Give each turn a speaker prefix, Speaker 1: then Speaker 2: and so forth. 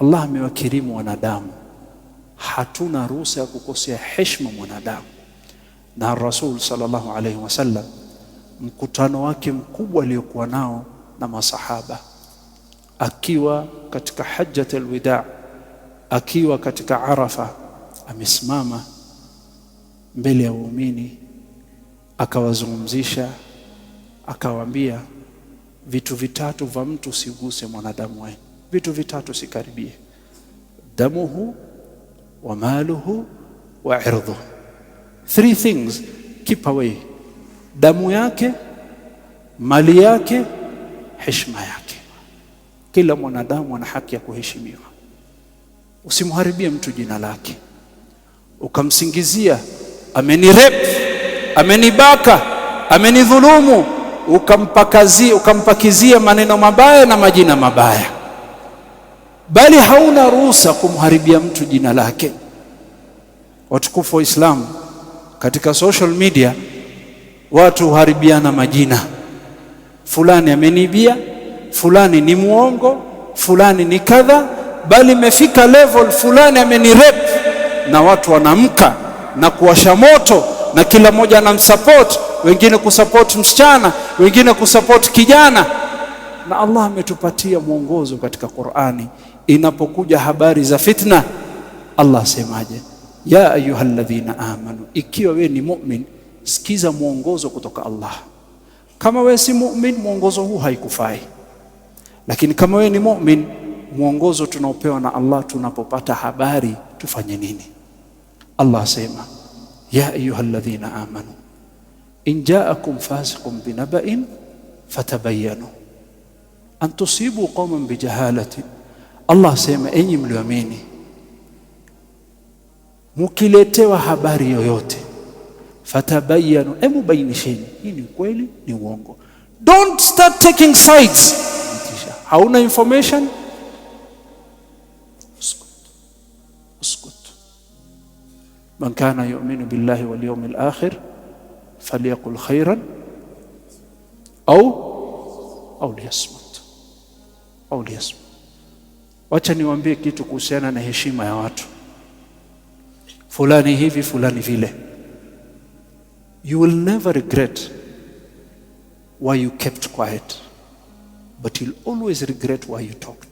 Speaker 1: Allah amewakirimu wanadamu, hatuna ruhusa ya kukosea heshima mwanadamu. Na Rasul sallallahu alaihi wasallam mkutano wake mkubwa aliokuwa nao na masahaba akiwa katika hajjat alwida, akiwa katika Arafa, amesimama mbele ya waumini akawazungumzisha, akawaambia vitu vitatu vya mtu, usiguse mwanadamu wenu vitu vitatu sikaribie: damuhu wa maluhu wa irdhu. Three things keep away: damu yake, mali yake, heshima yake. Kila mwanadamu ana haki ya kuheshimiwa. Usimharibie mtu jina lake ukamsingizia amenirep amenibaka, amenidhulumu, ukampakazia ukampakizia maneno mabaya na majina mabaya bali hauna ruhusa kumharibia mtu jina lake. Watukufu wa Islam, katika social media watu huharibiana majina, fulani ameniibia, fulani ni muongo, fulani ni kadha, bali imefika level fulani amenirepu, na watu wanamka na kuwasha moto, na kila mmoja anamsupport, wengine kusupport msichana, wengine kusupport kijana na Allah ametupatia mwongozo katika Qur'ani. Inapokuja habari za fitna, Allah asemaje? ya ayyuhalladhina amanu, ikiwa we ni mu'min, sikiza mwongozo kutoka Allah. Kama wewe si mu'min, mwongozo huu haikufai, lakini kama wewe ni mu'min, mwongozo tunaopewa na Allah tunapopata habari tufanye nini? Allah asema ya ayyuhalladhina amanu in ja'akum fasiqun binaba'in fatabayanu أن تصيبوا قوما بجهالة Allah sema enyi mlioamini, mkiletewa habari yoyote, fatabayanu, hebu bainisheni, hii ni kweli, ni uongo. Don't start taking sides. Hauna information, uskut uskut. Man kana yu'minu billahi wal yawmil akhir falyaqul khairan au au liyasmut audience. Wacha niwaambie kitu kuhusiana na heshima ya watu fulani hivi fulani vile. You will never regret why you kept quiet, but you'll always regret why you talked.